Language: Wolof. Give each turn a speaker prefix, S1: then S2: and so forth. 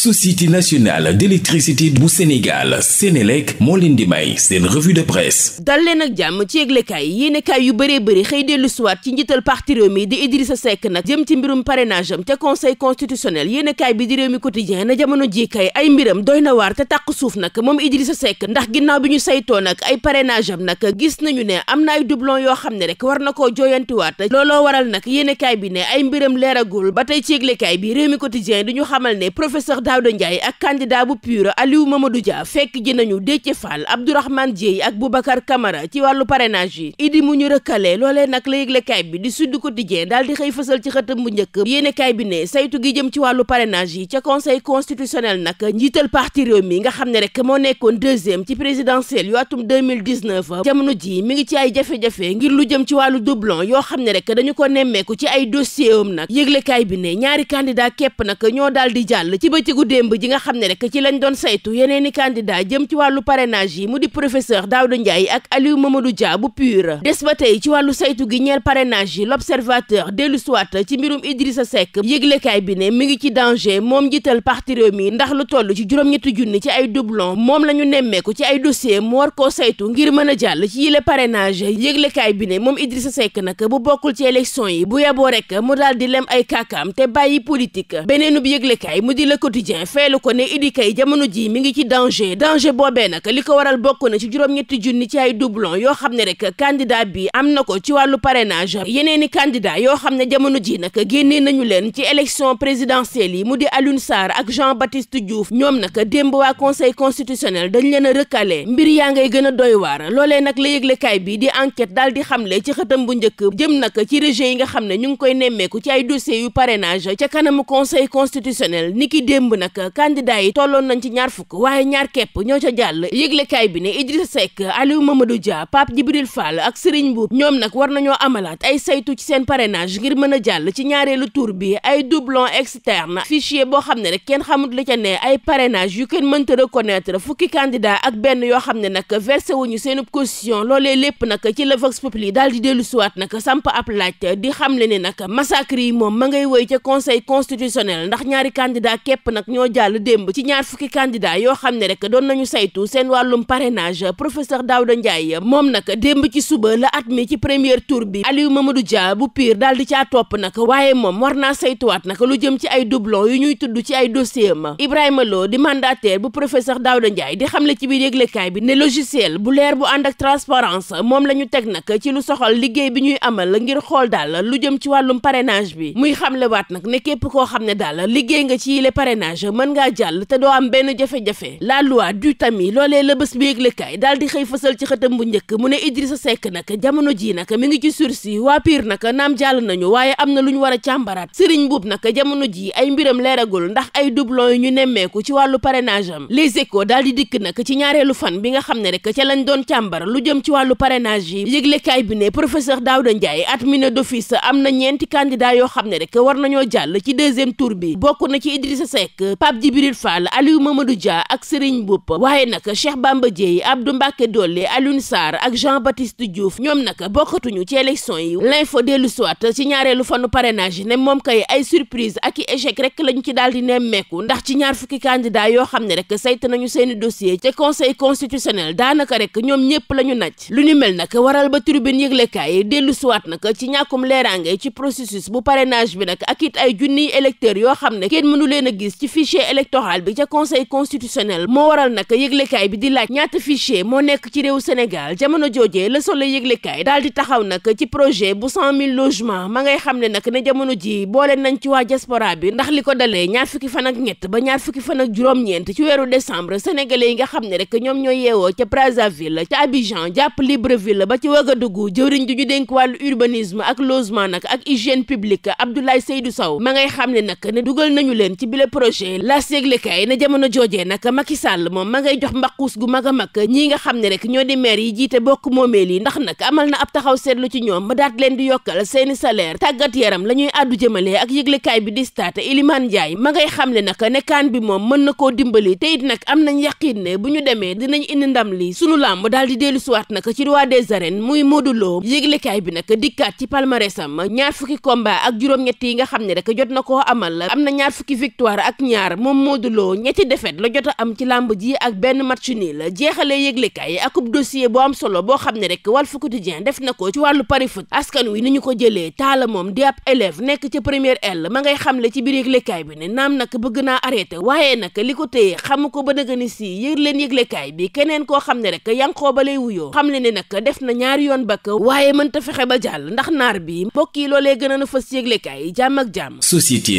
S1: société nationale d'électricité bu Sénégal Sénélec moo leen di may seen revue de presse dal leen jàmm ci yëglekaay yi yéenekaay yu bëree bëri xëy dellu siwaat ci njiital parti Rewmi di Idrissa Seck nag jëm ci mbirum parrainage am ca conseil constitutionnel yéenekaay bi di Rewmi Quotidien na jamono ji kay ay mbiram doy na waar te tàq suuf nag moom Idrissa Seck ndax ginnaaw bi ñu saytoo nag ay parrainage am nag gis nañu ne am na ay doublon yoo xam ne war na koo jooyantiwaat looloo waral nag yéenekaay bi ne ay mbiram leeragul ba tey ci yëglekaay bi Rewmi Quotidien duñu xamal ne professeur Daouda Ndiaye ak candidat bu PUR Aliou Mamadou Dia fekk ji nañu Déthié Fall Abdourahmane Dieye ak Boubacar Camara ci wàllu parrainage yi idi mu ñu rëkkale loolee nag la yëglekaay bi di Sud Quotidien daal di xëy fësal ci xëtam bu njëkk yéenekaay bi ne saytu gi jëm ci wàllu parrainage yi ca conseil constitutionnel nag njiital parti réew mi nga xam ne rek moo nekkoon deuxième ci présidentielle yu atum 2019 jamono ji mi ngi ci ay jafe-jafe ngir lu jëm ci wàllu doublon yoo xam ne rek ko nemmeeku ci ay dossier am nag yëglekaay bi ne ñaari candidat bëccëgu démb ji nga xam ne rek ci lañ doon saytu yeneen i candidat jëm ci wàllu parrainage yi mu di professeur Daouda Ndiaye ak Aliou Mamadou Dia bu PUR des ba tey ci wàllu saytu gi ñeel parrainage yi l'observateur dellu soit ci mbirum Idrissa Seck yëglekaay bi ne mi ngi ci danger moom njiital parti réew mi ndax lu toll ci juróom-ñetti junni ci ay doublon moom la ñu nemmeeku ci ay dossier mu war koo saytu ngir mën a jàll ci yile parrainage yëglekaay bi ne moom Idrissa Seck nag bu bokkul ci élection yi bu yeboo rek mu daal di lem ay kàkkaam te bàyyi politique beneenub quotidien feelu ko ne Idi kay jamono ji mi ngi ci danger danger boobee nag li ko waral bokk na ci juróom-ñetti junni ci ay doublon yoo xam ne rek candidat bi am na ko ci wàllu parrainage yeneeni candidat yoo xam ne jamono ji nag génnee nañu leen ci élection présidentielle yi mu di Alioune Sarr ak Jean-Baptiste Diouf ñoom nag démb waa conseil constitutionnel dañ leen a recalé mbir yaa ngay gën a doy waar loolee nag la yëglekaay bi di enquête daal di xamle ci xëtam bu njëkk jëm nag ci rejet yi nga xam ne ñu ngi koy nemmeeku ci ay dossiers yu ca kanamu conseil nag candidat yi tolloon nañ ci ñaar fukk waaye ñaar kepp ñoo ca jàll yëglekaay bi ni ne Idrissa Seck Aliou Mamadou Dia Pape Djibril Fall ak Serigne Mboup ñoom nag war nañoo amalaat ay saytu ci seen parrainage ngir mën a jàll ci ñaareelu tour bi ay doublon externe fichier boo xam ne rek kenn xamut la ca ne ay parrainage yu kenn mënta reconnaître fukki candidat ak benn yoo xam ne nag versé wuñu seen caution loolee lépp nag ci la Vox Populi daal di dellu siwaat nag samp ab laaj di ne nag massacre yi moom ma ngay woy ca conseil constitutionnel ndax ñaari candidat képp nag ñoo jàll démb ci ñaar fukki candidat yoo xam ne rek doon nañu saytu seen wàllum parrainage professeur Daouda Ndiaye moom nag démb ci suba la at mi ci première tour bi Aliou Mamadou Dia bu Pire daal di caa topp nag waaye moom war naa saytuwaat nag lu jëm ci ay doublon yu ñuy tudd ci ay dossier ma Ibrahima Lo di mandataire bu professeur Daouda Ndiaye di xamle ci biir yëglekaay bi ne logiciel bu leer bu ànd ak transparence moom la ñu teg nag ci lu soxal liggéey bi ñuy amal ngir xool daal lu jëm ci wàllum parrainage bi muy xamlewaat nag ne képp koo xam ne daal liggéey nga ci yile parrainage parrainage mën ngaa jàll te doo am benn jafe-jafe la loi du tamis loolee la bés bi yëglekaay daal di xëy fësal ci xëtam bu njëkk mu ne Idrissa Seck nag jamono ji nag mi ngi ci sursis waa PUR nag naam jàll nañu waaye am na lu ñu war a càmbaraat Serigne Mboup nag jamono ji ay mbiram leeragul ndax ay doublon yu ñu nemmeeku ci wàllu parrainage am Les Échos daal di dikk nag ci ñaareelu fan bi nga xam ne rek ca lañ doon càmbar lu jëm ci wàllu parrainage yi yëglekaay bi ne professeur Daouda Ndiaye admis d'office am na ñeenti candidat yoo xam ne rek war nañoo jàll ci deuxième tour bi bokk na ci Idrissa Seck Pape Djibril Fall Aliou du Dia ak Serigne bopp waaye nag Cheikh Bamba du Abdou Mbacké Dollé Alioune Sarr ak Jean-Baptiste Diouf ñoom nag bokkatuñu ci élection yi l'info dellu soit ci ñaareelu fanu yi ne moom kay ay surprise ak i échec rek lañu ci daal di nemmeeku ndax ci ñaar fukki candidat yoo xam ne rek sayt nañu seeni dossier te conseil constitutionnel daanaka rek ñoom ñëpp lañu naj lu ñu mel nag waral ba tribune yëglekaay dellu soit nag ci ñàkkum leeraange ci processus bu parrainage bi nag ak it ay junniy yoo xam ne kenn mënu leen a gis ci fichier électoral bi ca conseil constitutionnel moo waral nag yëglekaay bi di laaj ñaata fichier moo nekk ci réew Sénégal jamono joojee Le Soleil yëglekaay daal di taxaw nag ci projet bu cent mille logements ma ngay xam ne nag ne jamono ji boole nañ ci waa diaspora bi ndax li ko dalee ñaar fukki fan ak ñett ba ñaar fukki fan ak juróom-ñeent ci weeru décembre sénégalais yi nga xam ne rek ñoom ñooy yeewoo ca Brazzaville ca Abidjan jàpp Libreville ba ci Ouagadougou jëwriñ ju ñu ba wàllu urbanisme ak logement nag ak hygiène publique Abdoulaye Seydou Sow ma ngay xam ne nag ne dugal nañu leen ci bile projet projet gu mag a mag ñii nga xam ne rek ñoo di maire yi jiite bokk moomeel yi ndax nag amal na ab taxaw seetlu ci ñoom ba la ñuy àddu jëmale ak yëglekaay bi di staate Iliman Ndiaye ma ngay xam ne nag nekkaan bi moom mën na koo dimbali te it nag am nañ yàqiin ne bu ñu demee dinañ indi ndam li sunu làmb daal di dellu suwaat nag ci roi des arènes muy Modou yëglekaay bi nag dikkaat ci palmarèsam ñaar fukki combat ak juróom-ñett yi nga xam ne rek jot na ko amal am na ñaar fukki victoire ak ñaar moom moo Lo ñetti defet la jot a am ci làmb ji ak benn match nul jeexalee yëglekaay ak ub dossier boo am solo boo xam ne rek Walf Quotidien def na ko ci wàllu pari foot askan wi ni ñu ko jëlee taala moom di ab élève nekk ca première L ma ngay xamle ci biir yëglekaay bi ne naam nag bëgg naa arrêté waaye nag li ko téye xamu ko ba dëgg ni si yëg leen yëglekaay bi keneen koo xam ne rek yankoo ba lay wuyoo xam le ne nag def na ñaari yoon bakk waaye mënta fexe ba jàll ndax naar bi mbokk yi loolee gën a na fës yëglekaay jàmm ak jàmm société